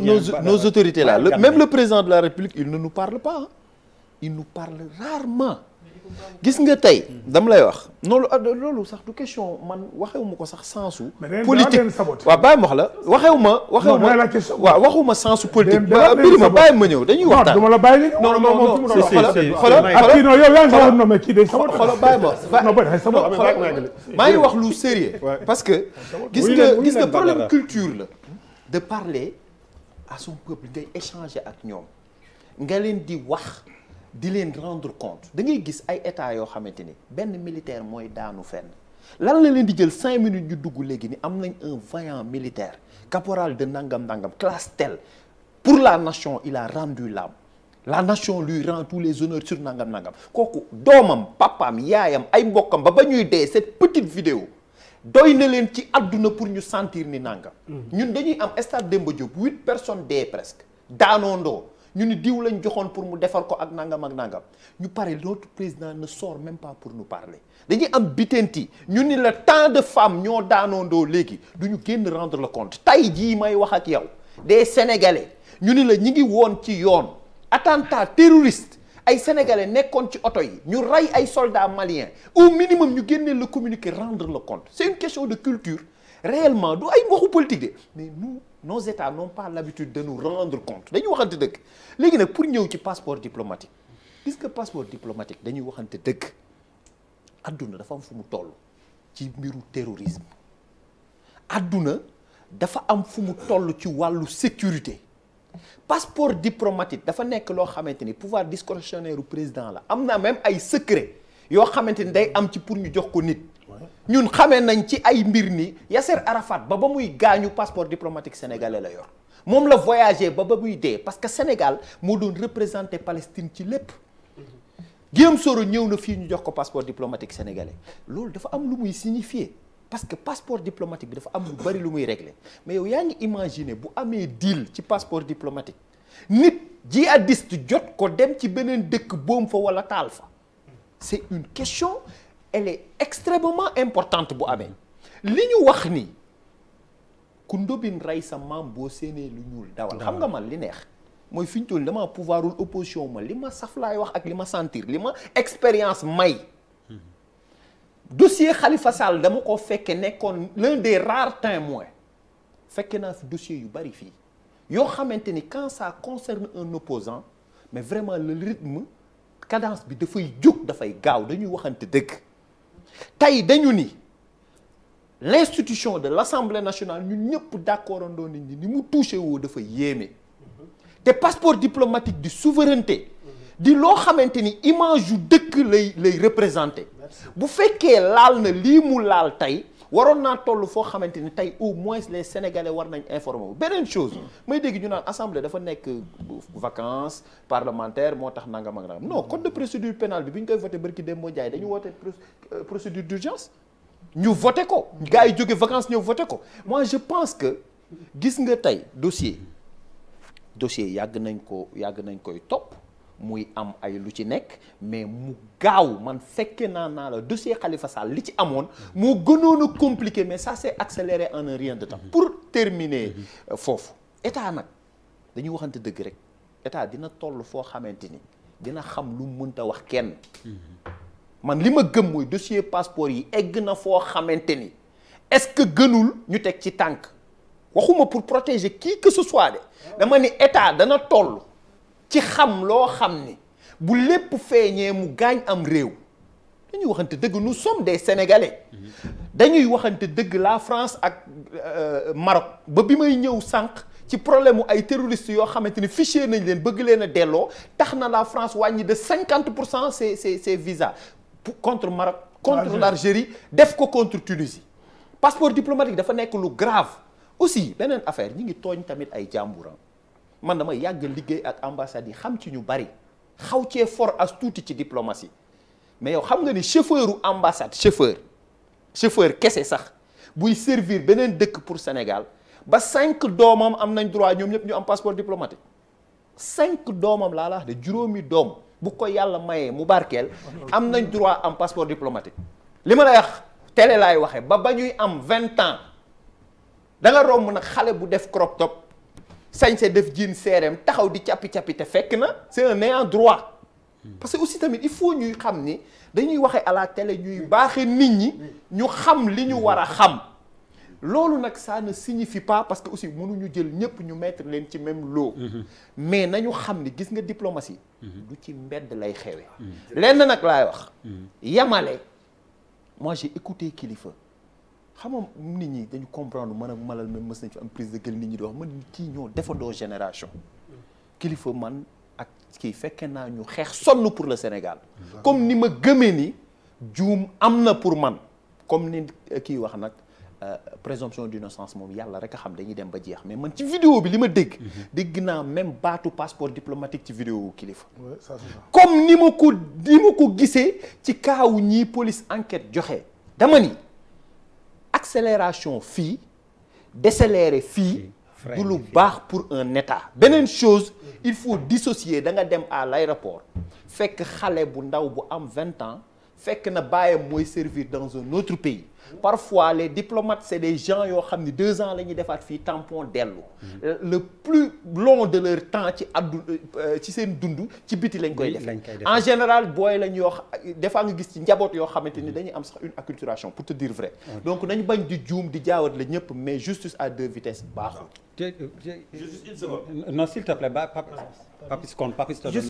nos, nos autorités là même le président de la République il ne nous parle pas hein. il nous parle rarement gis nga tey dama lay wax noonu ah, loolu sax du question man waxewuma ko sax sensu politique waaw bàyyi ma wax la waxewuma waxewuma waaw waxuma sensu politique biri ma bàyyi ma ñëw dañuy waxtaan non non non xolo bàyyi ma maa ngi wax lu sérieux parce que gis nga gis nga problème culture la de parler à son peuple ngay échanger ak ñoom nga leen di wax di leen rendre compte da ngay gis ay état yoo xamante ni benn militaire mooy daanu fen lan la leen di jël cinq minutes ñu dugg léegi ni am nañ un vaillant militaire caporal de nangam nangam classe telle pour la nation il a rendu l'âme la nation lui rend tous les honneurs sur nangam nangam kooku doomam papaam yaayam ay mbokkam ba ba ñuy dee cette petite vidéo doy na leen ci adduna pour ñu sentir ni nangam. ñun dañuy am stade Demba Diop huit personnes dee presque daanoondoo ñu ni diw lañ joxoon pour mu defar ko ak nangam ak nangam ñu pare l'autre président ne sort même pas pour nous parler dañuy am bitenti ñu ni la temps de femme ñoo daanoondoo léegi du ñu génn rendre le compte tey jii may wax ak yow des sénégalais ñu ni la ñi ngi woon ci yoon attentat terroriste ay sénégalais nekkoon ci oto yi ñu rey ay soldats maliens au minimum ñu génnee le communiqué rendre le compte c'est une question de culture réellement du ay waxu politique de mais nous nos états n'ont pas l'habitude de nous rendre compte dañuy waxante dëgg léegi nag pour ñëw ci passeport diplomatique gis nga passeport diplomatique dañuy waxante dëgg adduna dafa am fu mu toll ci mbiru terrorisme adduna dafa am fu mu toll ci wàllu sécurité passeport diplomatique dafa nekk loo xamante ni pouvoir discrétionnaire u président la am na même ay secret yoo xamante ni day am ci pour ñu jox ko nit ñun xamee nañ ci ay mbir ni Yasser Arafat ba ba muy gaañu passeport diplomatique sénégalais la yor moom la voyagé ba ba muy dee parce que Sénégal moo doon représenté Palestine ci lépp Guillaume Soro ñëw na fii ñu jox ko passeport diplomatique sénégalais loolu dafa am lu muy signifier parce que passeport diplomatique bi dafa am lu bari lu muy régler mais yow yaa ngi imaginer bu amee diil ci passeport diplomatique nit jihadiste jot ko dem ci beneen dëkk boom fa walla taal fa c'est une question elle extrêmement importante bu amee li ñu wax ni ku ndobin rey sa maam boo séenee lu ñuul dawal xam nga man li neex mooy fi ñu toll damaa pouvoirul opposition ma li ma saflaay wax ak li ma sentir li ma expérience may dossier Khalifa Sall dama koo fekkee nekkoon l'un des rares témoins fekke naa fi dossier yu bari fii yoo xamante ni quand ça concerne un opposant mais vraiment le rythme cadence bi dafay jóg dafay gaaw dañuy waxante dëkk tey dañu ni l'institution de l'Assemblée nationale ñu ñëpp d'accord andoo nit ñi ni mu touché woo dafa yéeme te passeport diplomatique di souveraineté di loo xamante ni image yu dëkk lay lay représenté bu fekkee laal na lii mu laal tey waroon naa toll foo xamante ni tey au moins les sénégalais war nañ informer wu beneen chose may dégg ñu naan assemblée dafa nekk vacances parlementaire moo tax nangam ak nangam non code de procédure pénal bi bi ñu koy voté barki Dembo Ndiaye dañu woote euh, procédure d'urgence ñu voté ko gars yi jóge vacances ñëw voté ko moi je pense que gis nga tey dossier dossier yàgg nañ ko yàgg nañ koy topp muy am ay lu ci nekk mais mu gaaw man fekke naa naa la dossier xalifa Sall li ci amoon moo gënoon a mais ça s'est accéléré en un de temps pour terminer foofu état nag dañuy waxante dëgg rek état dina toll foo xamante ni dina xam lu mënta wax kenn man li ma gëm mooy dossier passeport yi egg na foo xamante ni est-ce que gënul ñu teg ci tànk waxuma pour protéger qui que ce soit de dama ni état dana toll ci xam loo xam ni bu lépp feeñee mu gaañ am réew dañuy waxante dëgg nu sommes des sénégalais dañuy waxante dëgg la France ak euh, Maroc ba bi may ñëw sànq ci problème ay terroristes yoo xamante ni fichier nañ leen bëgg leen a delloo tax na la France wàññi de cinquante pour cent ses ses ses visas contre Maroc contre l'Algérie def ko contre Tunisie passeport diplomatique dafa nekk lu grave aussi beneen affaire ñi ngi tooñ tamit ay jàmburam man dama yàgg liggéey ak ambassade yi xam ci ñu bari xaw cee for as tuuti ci diplomatie mais yow xam nga ni chauffeuru ambassade chauffeur chauffeur kese sax buy servir beneen dëkk pour Sénégal ba cinq doomam am nañ droit ñoom ñëpp ñu am passeport diplomatique cinq doomam laa la de juróomi doom bu ko yàlla mayee mu barkeel am nañ droit am passeport diplomatique li ma lay wax tele laay waxee ba ba ñuy am vingt ans da romb nag xale bu def crop sañse def jiin seereem taxaw di cappi-cappi te fekk na c'est un droit parce que aussi tamit il faut ñuy xam ni dañuy waxee à la télé ñuy baaxee nit ñi ñu xam li ñu war a xam loolu nag ça ne signifie pas parce que aussi mënuñu jël ñëpp ñu mettre leen ci même lot mais ñu xam ni gis nga diplomatie du ci mbedd lay xewe mm-hmm. lenn nag laay wax mm-hmm. yamale moi j'ai écouté xam nga nit ñi dañu comprendre man ak malal même mës nañu fi am prise de gueule nit ñi di wax man kii ñoo defandoo génération kilifa man ak kii fekkee naa ñu xeex sonn pour le Sénégal comme ni ma gëmee ni juum am na pour man comme ni kii wax nag euh, présomption d'innocence moom yàlla rek a xam dañuy dem ba jeex mais man ci vidéo bi li ma dégg mhm. dégg naa même baatu passeport diplomatique ci vidéo kilifa comme ni ma ko ni ma ko gisee ci kaawu ñii police enquête joxe dama accélération fii décélérer fii du lu baax pour un état beneen chose il faut dissocier da nga dem à l'aéroport fekk xale bu ndaw bu am vingt ans fekk na baayam mooy servir dans un autre pays parfois les diplomates c'est des gens yoo xam ni deux ans la ñuy defaat fii tampon dellu le plus long de leur temps ci àdduna ci seen dund ci biti lañ koy def en général booy lañ yoo des fois nga gis ci njaboot yoo xamante ni dañuy am sax une acculturation pour te dire vrai donc nañ bañ di juum di jaawat la ñëpp mais justice à deux vitesses baaxul non s'il te plaît Papis Kon